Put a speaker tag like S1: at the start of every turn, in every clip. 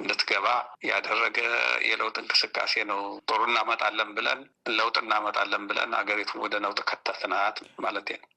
S1: እንድትገባ ያደረገ የለውጥ እንቅስቃሴ ነው። ጥሩ እናመጣለን ብለን ለውጥ እናመጣለን ብለን አገሪቱን ወደ ነውጥ ከተትናት ማለት ነው።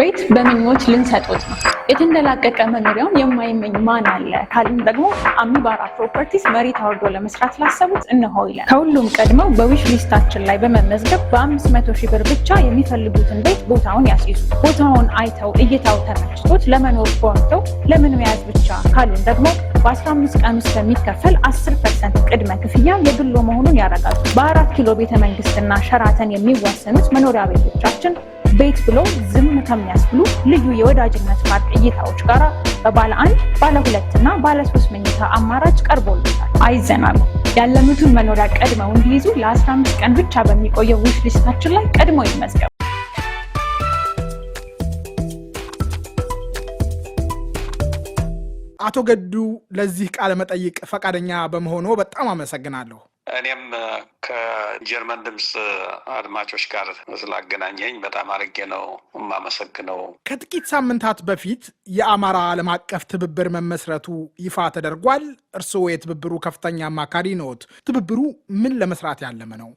S2: ቤት በምኞች ልንሰጡት ነው። የተንደላቀቀ መኖሪያውን የማይመኝ ማን አለ ካልን ደግሞ አሚባራ ፕሮፐርቲስ መሬት አውርዶ ለመስራት ላሰቡት እንሆ ይለን። ከሁሉም ቀድመው በዊሽ ሊስታችን ላይ በመመዝገብ በ500 ሺህ ብር ብቻ የሚፈልጉትን ቤት ቦታውን ያስይዙ። ቦታውን አይተው እይታው ተመችቶት ለመኖር ጓጉተው ለምን መያዝ ብቻ ካሉን ደግሞ በ15 ቀን ውስጥ በሚከፈል 10 ፐርሰንት ቅድመ ክፍያ የግሎ መሆኑን ያረጋሉ። በአራት ኪሎ ቤተመንግስትና ሸራተን የሚዋሰኑት መኖሪያ ቤቶቻችን ቤት ብሎ ዝም ከሚያስብሉ ልዩ የወዳጅነት ማርቅ እይታዎች ጋር በባለ አንድ ባለ ሁለት እና ባለ ሶስት መኝታ አማራጭ ቀርቦልታል። አይዘናሉ። ያለሙትን መኖሪያ ቀድመው እንዲይዙ ለ15 ቀን ብቻ በሚቆየው ውሽ ሊስታችን ላይ ቀድሞ ይመዝገቡ። አቶ ገዱ ለዚህ ቃለ መጠይቅ ፈቃደኛ በመሆኑ በጣም አመሰግናለሁ።
S1: እኔም ከጀርመን ድምፅ አድማጮች ጋር ስላገናኘኝ በጣም አርጌ ነው የማመሰግነው።
S2: ከጥቂት ሳምንታት በፊት የአማራ ዓለም አቀፍ ትብብር መመስረቱ ይፋ ተደርጓል። እርስዎ የትብብሩ ከፍተኛ አማካሪ ነዎት። ትብብሩ ምን ለመስራት ያለመ ነው?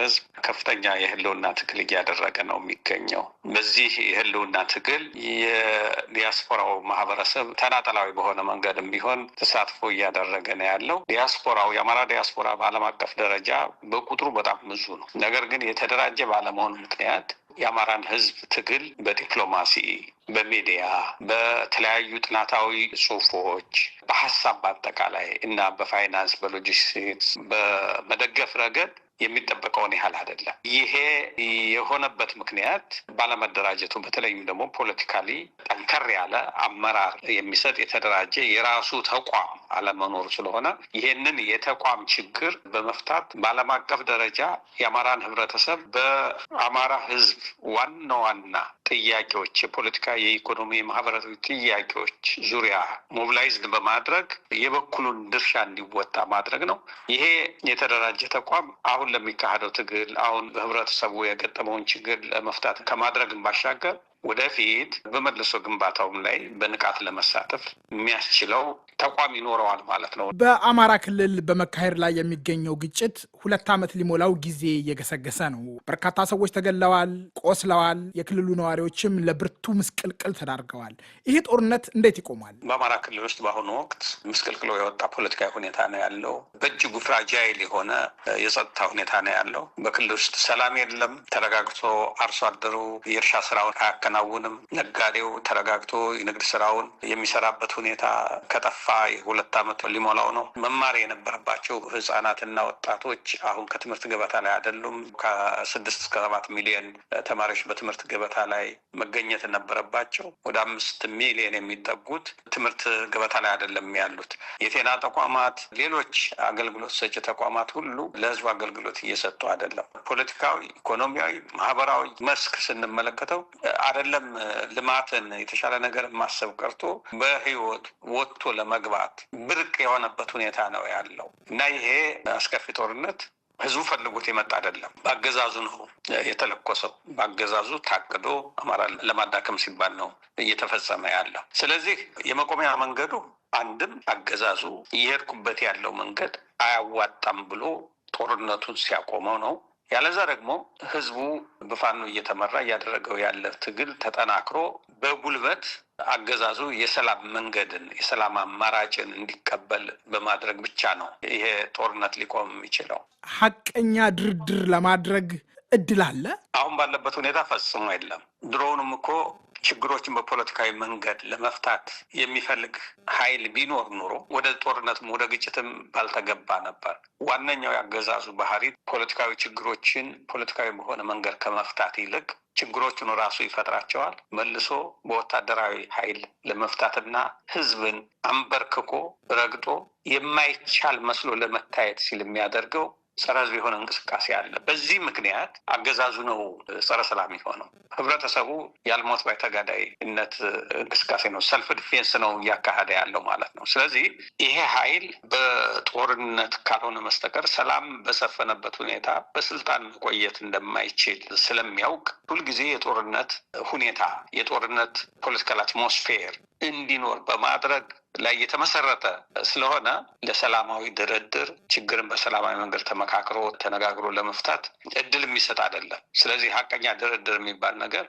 S1: ህዝብ ከፍተኛ የህልውና ትግል እያደረገ ነው የሚገኘው። በዚህ የህልውና ትግል የዲያስፖራው ማህበረሰብ ተናጠላዊ በሆነ መንገድም ቢሆን ተሳትፎ እያደረገ ነው ያለው። ዲያስፖራው የአማራ ዲያስፖራ በዓለም አቀፍ ደረጃ በቁጥሩ በጣም ብዙ ነው። ነገር ግን የተደራጀ ባለመሆኑ ምክንያት የአማራን ህዝብ ትግል በዲፕሎማሲ በሚዲያ በተለያዩ ጥናታዊ ጽሁፎች በሀሳብ በአጠቃላይ እና በፋይናንስ በሎጂስቲክስ በመደገፍ ረገድ የሚጠበቀውን ያህል አይደለም። ይሄ የሆነበት ምክንያት ባለመደራጀቱ፣ በተለይም ደግሞ ፖለቲካሊ ጠንከር ያለ አመራር የሚሰጥ የተደራጀ የራሱ ተቋም አለመኖሩ ስለሆነ ይሄንን የተቋም ችግር በመፍታት በዓለም አቀፍ ደረጃ የአማራን ህብረተሰብ በአማራ ህዝብ ዋና ዋና ጥያቄዎች የፖለቲካ የኢኮኖሚ፣ የማህበረሰብ ጥያቄዎች ዙሪያ ሞቢላይዝድ በማድረግ የበኩሉን ድርሻ እንዲወጣ ማድረግ ነው። ይሄ የተደራጀ ተቋም አሁን ለሚካሄደው ትግል አሁን በህብረተሰቡ የገጠመውን ችግር ለመፍታት ከማድረግም ባሻገር ወደፊት በመልሶ ግንባታውም ላይ በንቃት ለመሳተፍ የሚያስችለው ተቋም ይኖረዋል ማለት ነው።
S2: በአማራ ክልል በመካሄድ ላይ የሚገኘው ግጭት ሁለት ዓመት ሊሞላው ጊዜ እየገሰገሰ ነው። በርካታ ሰዎች ተገለዋል፣ ቆስለዋል። የክልሉ ነዋሪዎችም ለብርቱ ምስቅልቅል ተዳርገዋል። ይህ ጦርነት እንዴት ይቆማል?
S1: በአማራ ክልል ውስጥ በአሁኑ ወቅት ምስቅልቅሎ የወጣ ፖለቲካዊ ሁኔታ ነው ያለው። በእጅጉ ፍራጃይል የሆነ የጸጥታ ሁኔታ ነው ያለው። በክልል ውስጥ ሰላም የለም። ተረጋግቶ አርሶ አደሩ የእርሻ ስራውን አያከ አይከናውንም። ነጋዴው ተረጋግቶ የንግድ ስራውን የሚሰራበት ሁኔታ ከጠፋ የሁለት ዓመት ሊሞላው ነው። መማር የነበረባቸው ህጻናትና ወጣቶች አሁን ከትምህርት ገበታ ላይ አይደሉም። ከስድስት እስከ ሰባት ሚሊዮን ተማሪዎች በትምህርት ገበታ ላይ መገኘት ነበረባቸው። ወደ አምስት ሚሊዮን የሚጠጉት ትምህርት ገበታ ላይ አይደለም ያሉት። የጤና ተቋማት፣ ሌሎች አገልግሎት ሰጪ ተቋማት ሁሉ ለህዝቡ አገልግሎት እየሰጡ አይደለም። ፖለቲካዊ፣ ኢኮኖሚያዊ፣ ማህበራዊ መስክ ስንመለከተው አይደለም ልማትን የተሻለ ነገር ማሰብ ቀርቶ በህይወት ወጥቶ ለመግባት ብርቅ የሆነበት ሁኔታ ነው ያለው እና ይሄ አስከፊ ጦርነት ህዝቡ ፈልጎት የመጣ አይደለም። በአገዛዙ ነው የተለኮሰው። በአገዛዙ ታቅዶ አማራ ለማዳከም ሲባል ነው እየተፈጸመ ያለው። ስለዚህ የመቆሚያ መንገዱ አንድም አገዛዙ እየሄድኩበት ያለው መንገድ አያዋጣም ብሎ ጦርነቱን ሲያቆመው ነው። ያለዛ ደግሞ ህዝቡ በፋኖ እየተመራ እያደረገው ያለ ትግል ተጠናክሮ በጉልበት አገዛዙ የሰላም መንገድን የሰላም አማራጭን እንዲቀበል በማድረግ ብቻ ነው ይሄ ጦርነት ሊቆም የሚችለው።
S2: ሀቀኛ ድርድር ለማድረግ እድል አለ።
S1: አሁን ባለበት ሁኔታ ፈጽሞ የለም። ድሮውንም እኮ ችግሮችን በፖለቲካዊ መንገድ ለመፍታት የሚፈልግ ኃይል ቢኖር ኑሮ ወደ ጦርነትም ወደ ግጭትም ባልተገባ ነበር። ዋነኛው ያገዛዙ ባህሪ ፖለቲካዊ ችግሮችን ፖለቲካዊ በሆነ መንገድ ከመፍታት ይልቅ ችግሮቹን ራሱ ይፈጥራቸዋል። መልሶ በወታደራዊ ኃይል ለመፍታትና ህዝብን አንበርክኮ ረግጦ የማይቻል መስሎ ለመታየት ሲል የሚያደርገው ጸረ ህዝብ የሆነ እንቅስቃሴ አለ። በዚህ ምክንያት አገዛዙ ነው ጸረ ሰላም የሆነው። ህብረተሰቡ ያልሞት ባይ ተጋዳይነት እንቅስቃሴ ነው፣ ሰልፍ ዲፌንስ ነው እያካሄደ ያለው ማለት ነው። ስለዚህ ይሄ ኃይል በጦርነት ካልሆነ መስተቀር ሰላም በሰፈነበት ሁኔታ በስልጣን መቆየት እንደማይችል ስለሚያውቅ ሁልጊዜ የጦርነት ሁኔታ የጦርነት ፖለቲካል አትሞስፌር እንዲኖር በማድረግ ላይ የተመሰረተ ስለሆነ ለሰላማዊ ድርድር ችግርን በሰላማዊ መንገድ ተመካክሮ ተነጋግሮ ለመፍታት እድል የሚሰጥ አይደለም። ስለዚህ ሀቀኛ ድርድር የሚባል ነገር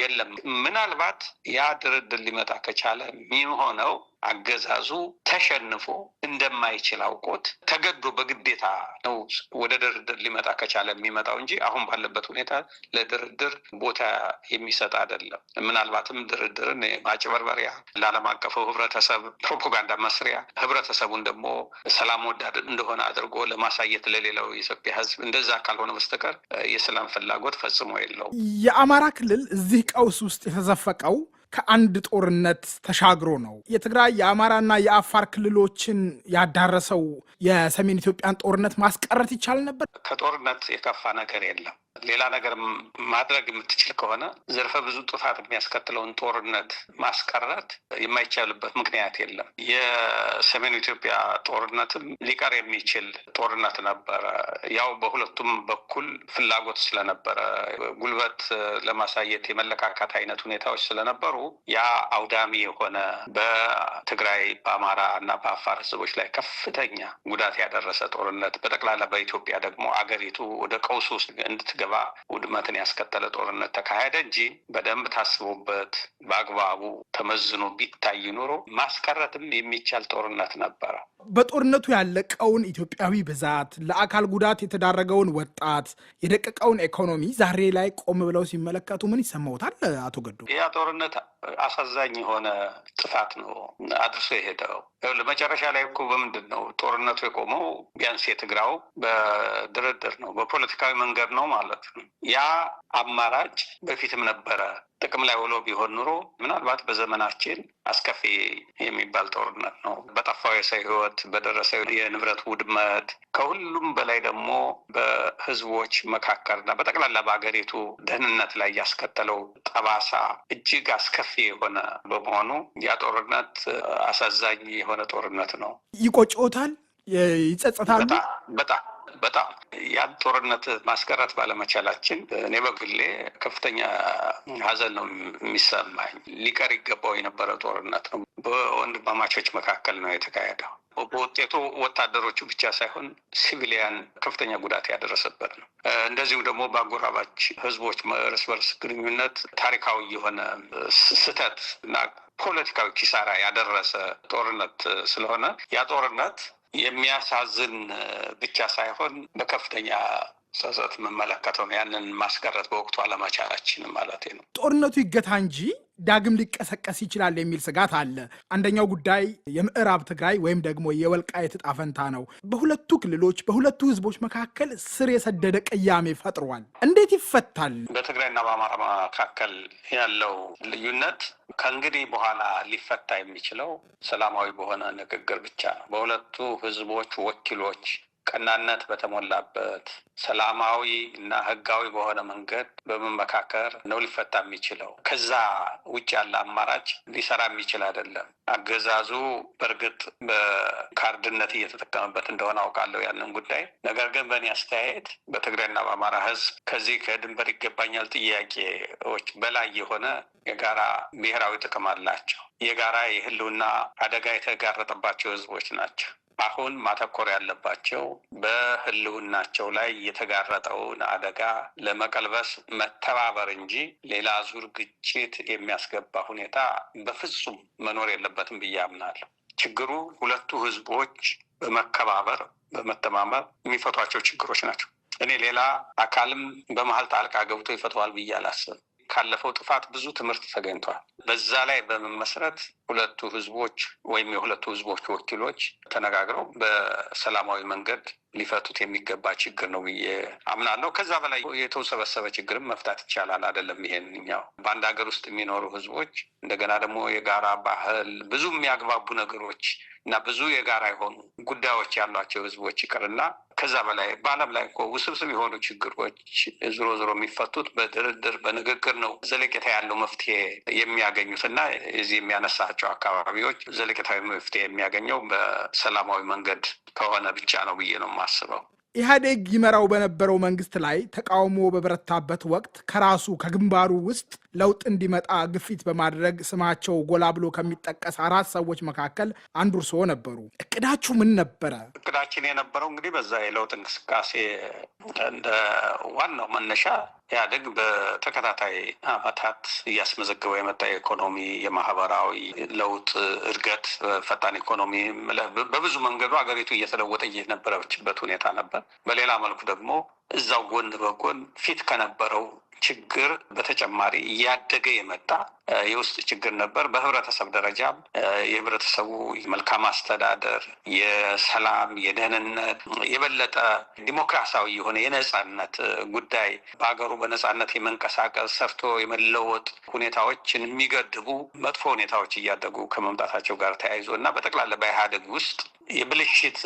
S1: የለም። ምናልባት ያ ድርድር ሊመጣ ከቻለ የሚሆነው አገዛዙ ተሸንፎ እንደማይችል አውቆት ተገዶ በግዴታ ነው ወደ ድርድር ሊመጣ ከቻለ የሚመጣው እንጂ አሁን ባለበት ሁኔታ ለድርድር ቦታ የሚሰጥ አይደለም። ምናልባትም ድርድርን ማጭበርበሪያ፣ ለዓለም አቀፉ ህብረተሰብ ፕሮፓጋንዳ መስሪያ፣ ህብረተሰቡን ደግሞ ሰላም ወዳድ እንደሆነ አድርጎ ለማሳየት ለሌላው የኢትዮጵያ ህዝብ እንደዛ ካልሆነ በስተቀር የሰላም ፍላጎት ፈጽሞ የለውም።
S2: የአማራ ክልል እዚህ ቀውስ ውስጥ የተዘፈቀው ከአንድ ጦርነት ተሻግሮ ነው። የትግራይ የአማራና የአፋር ክልሎችን ያዳረሰው የሰሜን ኢትዮጵያን ጦርነት ማስቀረት ይቻል ነበር።
S1: ከጦርነት የከፋ ነገር የለም። ሌላ ነገር ማድረግ የምትችል ከሆነ ዘርፈ ብዙ ጥፋት የሚያስከትለውን ጦርነት ማስቀረት የማይቻልበት ምክንያት የለም። የሰሜኑ ኢትዮጵያ ጦርነትም ሊቀር የሚችል ጦርነት ነበረ። ያው በሁለቱም በኩል ፍላጎት ስለነበረ ጉልበት ለማሳየት የመለካካት አይነት ሁኔታዎች ስለነበሩ ያ አውዳሚ የሆነ በትግራይ በአማራ እና በአፋር ህዝቦች ላይ ከፍተኛ ጉዳት ያደረሰ ጦርነት በጠቅላላ በኢትዮጵያ ደግሞ አገሪቱ ወደ ቀውስ ውስጥ ምዝገባ ውድመትን ያስከተለ ጦርነት ተካሄደ እንጂ በደንብ ታስቦበት በአግባቡ ተመዝኖ ቢታይ ኑሮ ማስቀረትም የሚቻል ጦርነት ነበረ።
S2: በጦርነቱ ያለቀውን ኢትዮጵያዊ ብዛት፣ ለአካል ጉዳት የተዳረገውን ወጣት፣ የደቀቀውን ኢኮኖሚ ዛሬ ላይ ቆም ብለው ሲመለከቱ ምን ይሰማውታል? አቶ ገዱ
S1: ያ ጦርነት አሳዛኝ የሆነ ጥፋት ነው አድርሶ የሄደው መጨረሻ ላይ እኮ በምንድን ነው ጦርነቱ የቆመው? ቢያንስ የትግራው በድርድር ነው፣ በፖለቲካዊ መንገድ ነው ማለት ነው። ያ አማራጭ በፊትም ነበረ። ጥቅም ላይ ውሎ ቢሆን ኑሮ ምናልባት በዘመናችን አስከፊ የሚባል ጦርነት ነው። በጠፋው የሰው ሕይወት በደረሰው የንብረት ውድመት፣ ከሁሉም በላይ ደግሞ በሕዝቦች መካከልና በጠቅላላ በሀገሪቱ ደህንነት ላይ ያስከተለው ጠባሳ እጅግ አስከፊ የሆነ በመሆኑ ያ ጦርነት አሳዛኝ የሆነ ጦርነት ነው።
S2: ይቆጭዎታል? ይጸጸታሉ?
S1: በጣም በጣም ያን ጦርነት ማስቀረት ባለመቻላችን እኔ በግሌ ከፍተኛ ሀዘን ነው የሚሰማኝ። ሊቀር ይገባው የነበረ ጦርነት ነው። በወንድማማቾች መካከል ነው የተካሄደው። በውጤቱ ወታደሮቹ ብቻ ሳይሆን ሲቪሊያን ከፍተኛ ጉዳት ያደረሰበት ነው። እንደዚሁም ደግሞ በአጎራባች ህዝቦች እርስ በርስ ግንኙነት ታሪካዊ የሆነ ስህተት እና ፖለቲካዊ ኪሳራ ያደረሰ ጦርነት ስለሆነ ያ ጦርነት የሚያሳዝን ብቻ ሳይሆን በከፍተኛ ጸጸት የምመለከተው ያንን ማስቀረት በወቅቱ አለመቻላችን ማለት ነው።
S2: ጦርነቱ ይገታ እንጂ ዳግም ሊቀሰቀስ ይችላል የሚል ስጋት አለ። አንደኛው ጉዳይ የምዕራብ ትግራይ ወይም ደግሞ የወልቃይት ዕጣ ፈንታ ነው። በሁለቱ ክልሎች በሁለቱ ህዝቦች መካከል ስር የሰደደ ቅያሜ ፈጥሯል። እንዴት ይፈታል?
S1: በትግራይና በአማራ መካከል ያለው ልዩነት ከእንግዲህ በኋላ ሊፈታ የሚችለው ሰላማዊ በሆነ ንግግር ብቻ ነው። በሁለቱ ህዝቦች ወኪሎች ቀናነት በተሞላበት ሰላማዊ እና ህጋዊ በሆነ መንገድ በመመካከር ነው ሊፈታ የሚችለው። ከዛ ውጭ ያለ አማራጭ ሊሰራ የሚችል አይደለም። አገዛዙ በእርግጥ በካርድነት እየተጠቀመበት እንደሆነ አውቃለሁ ያንን ጉዳይ። ነገር ግን በእኔ አስተያየት በትግራይና በአማራ ህዝብ ከዚህ ከድንበር ይገባኛል ጥያቄዎች በላይ የሆነ የጋራ ብሔራዊ ጥቅም አላቸው። የጋራ የህልውና አደጋ የተጋረጠባቸው ህዝቦች ናቸው። አሁን ማተኮር ያለባቸው በህልውናቸው ላይ የተጋረጠውን አደጋ ለመቀልበስ መተባበር እንጂ ሌላ ዙር ግጭት የሚያስገባ ሁኔታ በፍጹም መኖር የለበትም ብዬ አምናለሁ። ችግሩ ሁለቱ ህዝቦች በመከባበር በመተማመር የሚፈቷቸው ችግሮች ናቸው። እኔ ሌላ አካልም በመሀል ጣልቃ ገብቶ ይፈተዋል ብዬ አላስብም። ካለፈው ጥፋት ብዙ ትምህርት ተገኝቷል። በዛ ላይ በመመስረት ሁለቱ ህዝቦች ወይም የሁለቱ ህዝቦች ወኪሎች ተነጋግረው በሰላማዊ መንገድ ሊፈቱት የሚገባ ችግር ነው ብዬ አምናለሁ። ከዛ በላይ የተውሰበሰበ ችግርም መፍታት ይቻላል። አይደለም ይሄንኛው በአንድ ሀገር ውስጥ የሚኖሩ ህዝቦች እንደገና ደግሞ የጋራ ባህል ብዙ የሚያግባቡ ነገሮች እና ብዙ የጋራ የሆኑ ጉዳዮች ያሏቸው ህዝቦች ይቅርና ከዛ በላይ በዓለም ላይ እኮ ውስብስብ የሆኑ ችግሮች ዞሮ ዞሮ የሚፈቱት በድርድር በንግግር ነው ዘለቄታ ያለው መፍትሄ የሚያገኙት እና እዚህ የሚያነሳቸው አካባቢዎች ዘለቄታዊ መፍትሄ የሚያገኘው በሰላማዊ መንገድ ከሆነ ብቻ ነው ብዬ ነው የማስበው።
S2: ኢህአዴግ ይመራው በነበረው መንግስት ላይ ተቃውሞ በበረታበት ወቅት ከራሱ ከግንባሩ ውስጥ ለውጥ እንዲመጣ ግፊት በማድረግ ስማቸው ጎላ ብሎ ከሚጠቀስ አራት ሰዎች መካከል አንዱ እርስዎ ነበሩ። እቅዳችሁ ምን ነበረ?
S1: እቅዳችን የነበረው እንግዲህ በዛ የለውጥ እንቅስቃሴ እንደ ዋናው መነሻ ያደግ በተከታታይ አመታት እያስመዘገበው የመጣ የኢኮኖሚ የማህበራዊ ለውጥ እድገት ፈጣን ኢኮኖሚ በብዙ መንገዱ ሀገሪቱ እየተለወጠ እየነበረችበት ሁኔታ ነበር። በሌላ መልኩ ደግሞ እዛው ጎን በጎን ፊት ከነበረው ችግር በተጨማሪ እያደገ የመጣ የውስጥ ችግር ነበር። በህብረተሰብ ደረጃ የህብረተሰቡ መልካም አስተዳደር፣ የሰላም፣ የደህንነት የበለጠ ዲሞክራሲያዊ የሆነ የነጻነት ጉዳይ በሀገሩ በነጻነት የመንቀሳቀስ ሰርቶ የመለወጥ ሁኔታዎችን የሚገድቡ መጥፎ ሁኔታዎች እያደጉ ከመምጣታቸው ጋር ተያይዞ እና በጠቅላላ በኢህአዴግ ውስጥ የብልሽት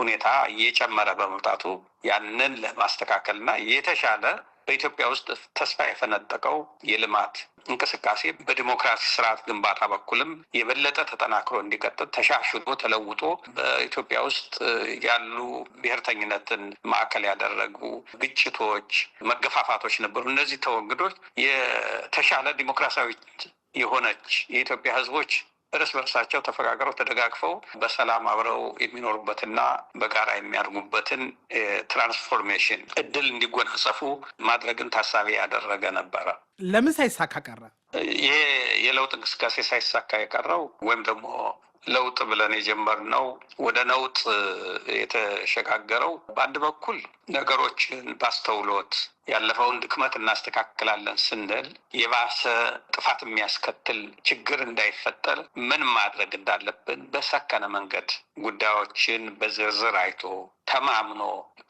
S1: ሁኔታ እየጨመረ በመምጣቱ ያንን ለማስተካከልና የተሻለ በኢትዮጵያ ውስጥ ተስፋ የፈነጠቀው የልማት እንቅስቃሴ በዲሞክራሲ ስርዓት ግንባታ በኩልም የበለጠ ተጠናክሮ እንዲቀጥል ተሻሽሎ ተለውጦ በኢትዮጵያ ውስጥ ያሉ ብሔርተኝነትን ማዕከል ያደረጉ ግጭቶች፣ መገፋፋቶች ነበሩ። እነዚህ ተወግዶች የተሻለ ዲሞክራሲያዊ የሆነች የኢትዮጵያ ሕዝቦች እርስ በርሳቸው ተፈጋግረው ተደጋግፈው በሰላም አብረው የሚኖሩበትና በጋራ የሚያድጉበትን ትራንስፎርሜሽን እድል እንዲጎናጸፉ ማድረግን ታሳቢ ያደረገ ነበረ።
S2: ለምን ሳይሳካ ቀረ?
S1: ይሄ የለውጥ እንቅስቃሴ ሳይሳካ የቀረው ወይም ደግሞ ለውጥ ብለን የጀመርነው ወደ ነውጥ የተሸጋገረው በአንድ በኩል ነገሮችን ባስተውሎት ያለፈውን ድክመት እናስተካክላለን ስንል የባሰ ጥፋት የሚያስከትል ችግር እንዳይፈጠር ምን ማድረግ እንዳለብን በሰከነ መንገድ ጉዳዮችን በዝርዝር አይቶ ተማምኖ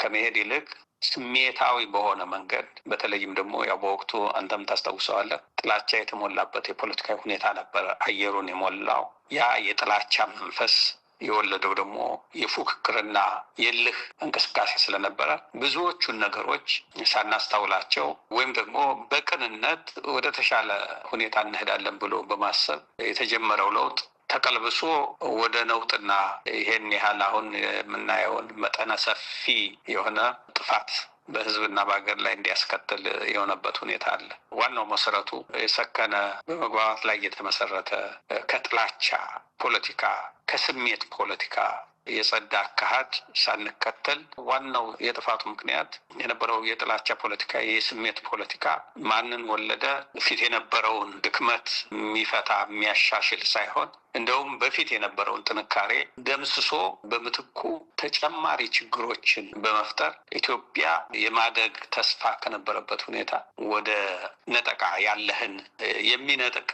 S1: ከመሄድ ይልቅ ስሜታዊ በሆነ መንገድ በተለይም ደግሞ ያው በወቅቱ አንተም ታስታውሰዋለህ፣ ጥላቻ የተሞላበት የፖለቲካዊ ሁኔታ ነበር አየሩን የሞላው። ያ የጥላቻ መንፈስ የወለደው ደግሞ የፉክክርና የልህ እንቅስቃሴ ስለነበረ ብዙዎቹን ነገሮች ሳናስታውላቸው ወይም ደግሞ በቅንነት ወደ ተሻለ ሁኔታ እንሄዳለን ብሎ በማሰብ የተጀመረው ለውጥ ተቀልብሶ ወደ ነውጥና ይሄን ያህል አሁን የምናየውን መጠነ ሰፊ የሆነ ጥፋት በህዝብና በሀገር ላይ እንዲያስከትል የሆነበት ሁኔታ አለ። ዋናው መሰረቱ የሰከነ በመግባባት ላይ የተመሰረተ ከጥላቻ ፖለቲካ፣ ከስሜት ፖለቲካ የጸዳ አካሄድ ሳንከተል ዋናው የጥፋቱ ምክንያት የነበረው የጥላቻ ፖለቲካ፣ የስሜት ፖለቲካ ማንን ወለደ? ፊት የነበረውን ድክመት የሚፈታ የሚያሻሽል ሳይሆን እንደውም በፊት የነበረውን ጥንካሬ ደምስሶ በምትኩ ተጨማሪ ችግሮችን በመፍጠር ኢትዮጵያ የማደግ ተስፋ ከነበረበት ሁኔታ ወደ ነጠቃ ያለህን የሚነጥቅ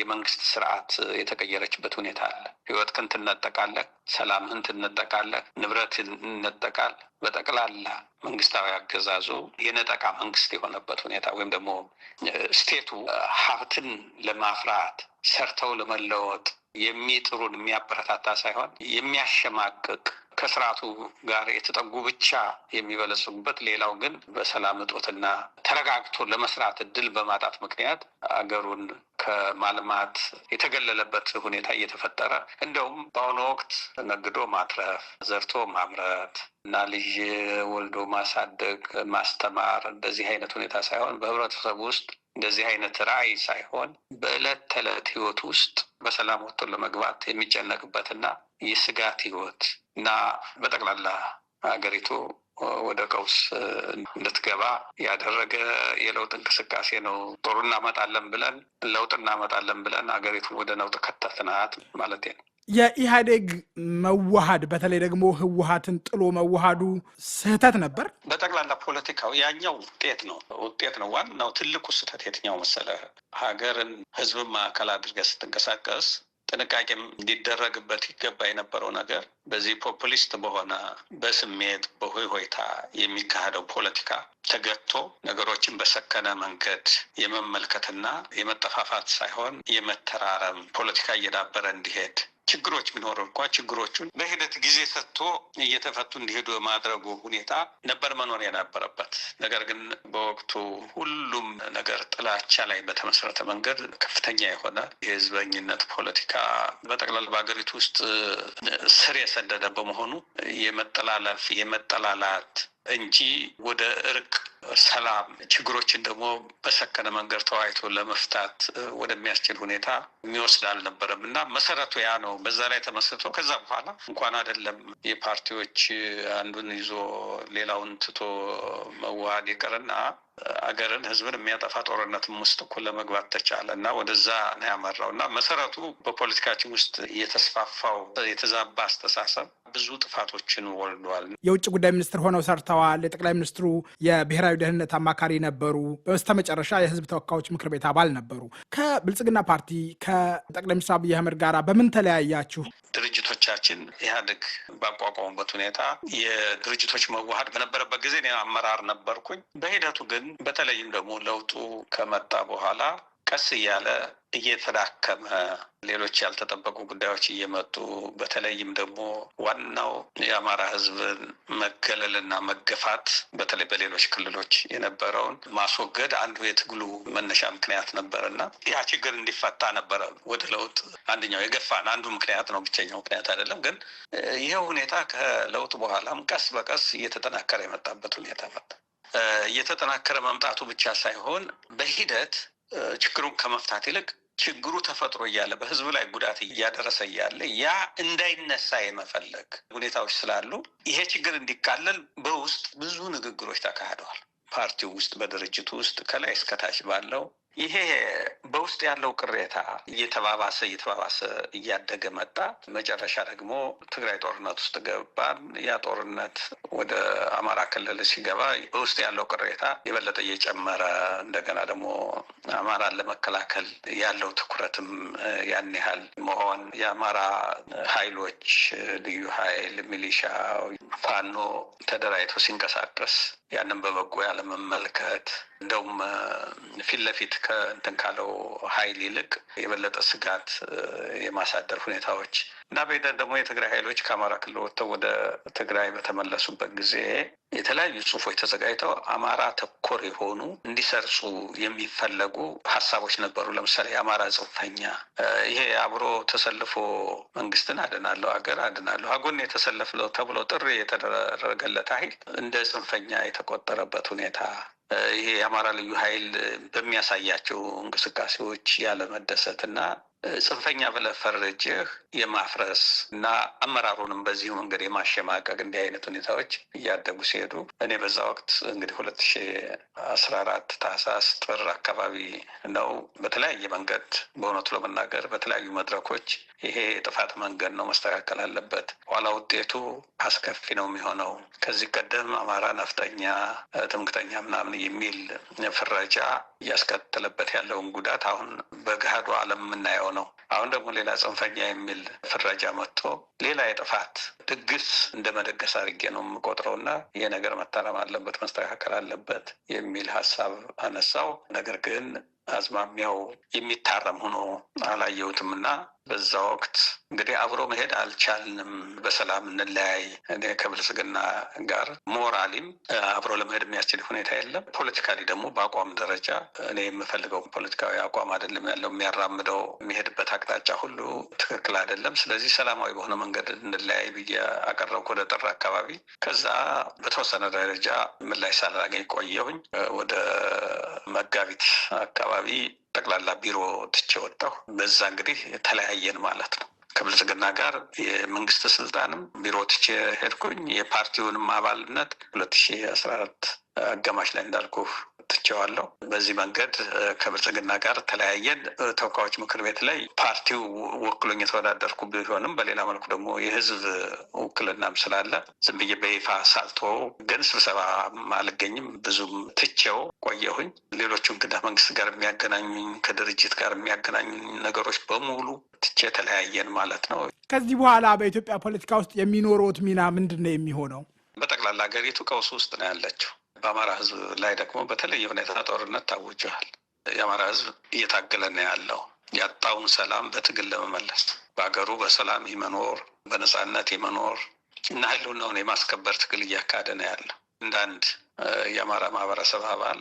S1: የመንግስት ስርዓት የተቀየረችበት ሁኔታ አለ። ህይወትህን ትነጠቃለህ፣ ሰላምህን ትነጠቃለህ፣ ንብረትን ይነጠቃል። በጠቅላላ መንግስታዊ አገዛዙ የነጠቃ መንግስት የሆነበት ሁኔታ ወይም ደግሞ ስቴቱ ሀብትን ለማፍራት ሰርተው ለመለወጥ የሚጥሩን የሚያበረታታ ሳይሆን የሚያሸማቅቅ ከስርዓቱ ጋር የተጠጉ ብቻ የሚበለጽጉበት፣ ሌላው ግን በሰላም እጦትና ተረጋግቶ ለመስራት እድል በማጣት ምክንያት አገሩን ከማልማት የተገለለበት ሁኔታ እየተፈጠረ እንደውም በአሁኑ ወቅት ነግዶ ማትረፍ፣ ዘርቶ ማምረት እና ልጅ ወልዶ ማሳደግ፣ ማስተማር እንደዚህ አይነት ሁኔታ ሳይሆን በህብረተሰቡ ውስጥ እንደዚህ አይነት ራዕይ ሳይሆን በዕለት ተዕለት ህይወት ውስጥ በሰላም ወጥቶ ለመግባት የሚጨነቅበትና የስጋት ህይወት እና በጠቅላላ ሀገሪቱ ወደ ቀውስ እንድትገባ ያደረገ የለውጥ እንቅስቃሴ ነው። ጦሩ እናመጣለን ብለን ለውጥ እናመጣለን ብለን ሀገሪቱን ወደ ነውጥ ከተትናት ማለት ነው።
S2: የኢህአዴግ መዋሃድ በተለይ ደግሞ ህወሀትን ጥሎ መዋሃዱ ስህተት ነበር።
S1: በጠቅላላ ፖለቲካው ያኛው ውጤት ነው ውጤት ነው። ዋናው ትልቁ ስህተት የትኛው መሰለ? ሀገርን ህዝብን ማዕከል አድርገ ስትንቀሳቀስ ጥንቃቄም እንዲደረግበት ይገባ የነበረው ነገር በዚህ ፖፑሊስት በሆነ በስሜት በሆይ ሆይታ የሚካሄደው ፖለቲካ ተገቶ ነገሮችን በሰከነ መንገድ የመመልከትና የመጠፋፋት ሳይሆን የመተራረም ፖለቲካ እየዳበረ እንዲሄድ ችግሮች ቢኖሩ እንኳ ችግሮቹን በሂደት ጊዜ ሰጥቶ እየተፈቱ እንዲሄዱ የማድረጉ ሁኔታ ነበር መኖር የነበረበት። ነገር ግን በወቅቱ ሁሉም ነገር ጥላቻ ላይ በተመሰረተ መንገድ ከፍተኛ የሆነ የህዝበኝነት ፖለቲካ በጠቅላላ በሀገሪቱ ውስጥ ስር የሰደደ በመሆኑ የመጠላለፍ የመጠላላት እንጂ ወደ እርቅ ሰላም ችግሮችን ደግሞ በሰከነ መንገድ ተዋይቶ ለመፍታት ወደሚያስችል ሁኔታ የሚወስድ አልነበረም እና መሰረቱ ያ ነው። በዛ ላይ ተመስርቶ ከዛ በኋላ እንኳን አይደለም የፓርቲዎች አንዱን ይዞ ሌላውን ትቶ መዋሃድ ይቅርና አገርን ህዝብን የሚያጠፋ ጦርነትም ውስጥ እኩል ለመግባት ተቻለ እና ወደዛ ነው ያመራው እና መሰረቱ በፖለቲካችን ውስጥ የተስፋፋው የተዛባ አስተሳሰብ ብዙ ጥፋቶችን ወልዷል።
S2: የውጭ ጉዳይ ሚኒስትር ሆነው ሰርተዋል። የጠቅላይ ሚኒስትሩ የብሔራዊ ደህንነት አማካሪ ነበሩ። በስተ መጨረሻ የህዝብ ተወካዮች ምክር ቤት አባል ነበሩ። ከብልጽግና ፓርቲ ከጠቅላይ ሚኒስትር አብይ አህመድ ጋራ በምን ተለያያችሁ?
S1: ድርጅቱ አባሎቻችን ኢህአዴግ ባቋቋሙበት ሁኔታ የድርጅቶች መዋሀድ በነበረበት ጊዜ እኔ አመራር ነበርኩኝ። በሂደቱ ግን በተለይም ደግሞ ለውጡ ከመጣ በኋላ ቀስ እያለ እየተዳከመ ሌሎች ያልተጠበቁ ጉዳዮች እየመጡ በተለይም ደግሞ ዋናው የአማራ ሕዝብን መገለልና መገፋት በተለይ በሌሎች ክልሎች የነበረውን ማስወገድ አንዱ የትግሉ መነሻ ምክንያት ነበር እና ያ ችግር እንዲፈታ ነበረ ወደ ለውጥ አንደኛው የገፋን አንዱ ምክንያት ነው። ብቸኛው ምክንያት አይደለም፣ ግን ይሄ ሁኔታ ከለውጥ በኋላም ቀስ በቀስ እየተጠናከረ የመጣበት ሁኔታ መጣ። እየተጠናከረ መምጣቱ ብቻ ሳይሆን በሂደት ችግሩን ከመፍታት ይልቅ ችግሩ ተፈጥሮ እያለ በህዝብ ላይ ጉዳት እያደረሰ እያለ ያ እንዳይነሳ የመፈለግ ሁኔታዎች ስላሉ ይሄ ችግር እንዲቃለል በውስጥ ብዙ ንግግሮች ተካሂደዋል። ፓርቲው ውስጥ፣ በድርጅቱ ውስጥ ከላይ እስከታች ባለው ይሄ በውስጥ ያለው ቅሬታ እየተባባሰ እየተባባሰ እያደገ መጣ። መጨረሻ ደግሞ ትግራይ ጦርነት ውስጥ ገባን። ያ ጦርነት ወደ አማራ ክልል ሲገባ በውስጥ ያለው ቅሬታ የበለጠ እየጨመረ እንደገና ደግሞ አማራን ለመከላከል ያለው ትኩረትም ያን ያህል መሆን የአማራ ኃይሎች ልዩ ኃይል፣ ሚሊሻ፣ ፋኖ ተደራጅቶ ሲንቀሳቀስ ያንን በበጎ ያለመመልከት እንደውም ፊት ለፊት ከእንትን ካለው ኃይል ይልቅ የበለጠ ስጋት የማሳደር ሁኔታዎች እና በሂደት ደግሞ የትግራይ ኃይሎች ከአማራ ክልል ወጥተው ወደ ትግራይ በተመለሱበት ጊዜ የተለያዩ ጽሁፎች ተዘጋጅተው አማራ ተኮር የሆኑ እንዲሰርጹ የሚፈለጉ ሀሳቦች ነበሩ። ለምሳሌ የአማራ ጽንፈኛ፣ ይሄ አብሮ ተሰልፎ መንግስትን አድናለሁ፣ አገር አድናለሁ፣ አጎን የተሰለፍለው ተብሎ ጥሪ የተደረገለት ኃይል እንደ ጽንፈኛ የተቆጠረበት ሁኔታ ይሄ የአማራ ልዩ ኃይል በሚያሳያቸው እንቅስቃሴዎች ያለመደሰት እና ጽንፈኛ ብለህ ፈርጀህ የማፍረስ እና አመራሩንም በዚሁ መንገድ የማሸማቀቅ እንዲህ አይነት ሁኔታዎች እያደጉ ሲሄዱ እኔ በዛ ወቅት እንግዲህ ሁለት ሺ አስራ አራት ታህሳስ ጥር አካባቢ ነው በተለያየ መንገድ በእውነቱ ለመናገር በተለያዩ መድረኮች ይሄ የጥፋት መንገድ ነው መስተካከል አለበት፣ ኋላ ውጤቱ አስከፊ ነው የሚሆነው። ከዚህ ቀደም አማራ ነፍጠኛ፣ ትምክተኛ ምናምን የሚል ፍረጃ እያስከተለበት ያለውን ጉዳት አሁን በገሃዱ ዓለም የምናየው ነው። አሁን ደግሞ ሌላ ጽንፈኛ የሚል ፍረጃ መጥቶ ሌላ የጥፋት ድግስ እንደ መደገስ አድርጌ ነው የምቆጥረው እና ይሄ ነገር መታረም አለበት፣ መስተካከል አለበት የሚል ሀሳብ አነሳው። ነገር ግን አዝማሚያው የሚታረም ሆኖ አላየሁትም እና በዛ ወቅት እንግዲህ አብሮ መሄድ አልቻልንም። በሰላም እንለያይ፣ እኔ ከብልጽግና ጋር ሞራሊም አብሮ ለመሄድ የሚያስችል ሁኔታ የለም። ፖለቲካሊ ደግሞ በአቋም ደረጃ እኔ የምፈልገው ፖለቲካዊ አቋም አይደለም ያለው የሚያራምደው የሚሄድበት አቅጣጫ ሁሉ ትክክል አይደለም። ስለዚህ ሰላማዊ በሆነ መንገድ እንለያይ ብዬ አቀረብኩ ወደ ጥር አካባቢ። ከዛ በተወሰነ ደረጃ ምላሽ ሳላገኝ ቆየሁኝ። ወደ መጋቢት አካባቢ አካባቢ ጠቅላላ ቢሮ ትቼ ወጣሁ። በዛ እንግዲህ ተለያየን ማለት ነው። ከብልጽግና ጋር የመንግስት ስልጣንም ቢሮ ትቼ ሄድኩኝ። የፓርቲውንም አባልነት ሁለት ሺህ አስራ አራት አጋማሽ ላይ እንዳልኩ ትቸዋለሁ። በዚህ መንገድ ከብልጽግና ጋር ተለያየን። ተወካዮች ምክር ቤት ላይ ፓርቲው ወክሎኝ የተወዳደርኩ ቢሆንም በሌላ መልኩ ደግሞ የህዝብ ውክልናም ስላለ ዝም ብዬ በይፋ ሳልቶ ግን ስብሰባ አልገኝም ብዙም ትቼው ቆየሁኝ። ሌሎቹን ግን መንግስት ጋር የሚያገናኙኝ ከድርጅት ጋር የሚያገናኙኝ ነገሮች በሙሉ ትቼ ተለያየን ማለት ነው።
S2: ከዚህ በኋላ በኢትዮጵያ ፖለቲካ ውስጥ የሚኖሩት ሚና ምንድን ነው የሚሆነው?
S1: በጠቅላላ ሀገሪቱ ቀውስ ውስጥ ነው ያለችው። በአማራ ህዝብ ላይ ደግሞ በተለየ ሁኔታ ጦርነት ታውጀዋል። የአማራ ህዝብ እየታገለ ነው ያለው ያጣውን ሰላም በትግል ለመመለስ በሀገሩ በሰላም የመኖር በነፃነት የመኖር እና ህልውናውን የማስከበር ትግል እያካሄደ ነው ያለው እንደ አንድ የአማራ ማህበረሰብ አባል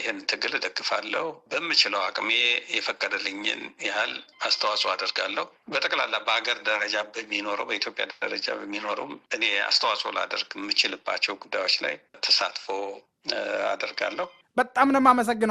S1: ይህን ትግል እደግፋለሁ። በምችለው አቅሜ የፈቀደልኝን ያህል አስተዋጽኦ አደርጋለሁ። በጠቅላላ በሀገር ደረጃ በሚኖረው በኢትዮጵያ ደረጃ በሚኖረውም እኔ አስተዋጽኦ ላደርግ የምችልባቸው ጉዳዮች ላይ ተሳትፎ አደርጋለሁ። በጣም ነው የማመሰግነው።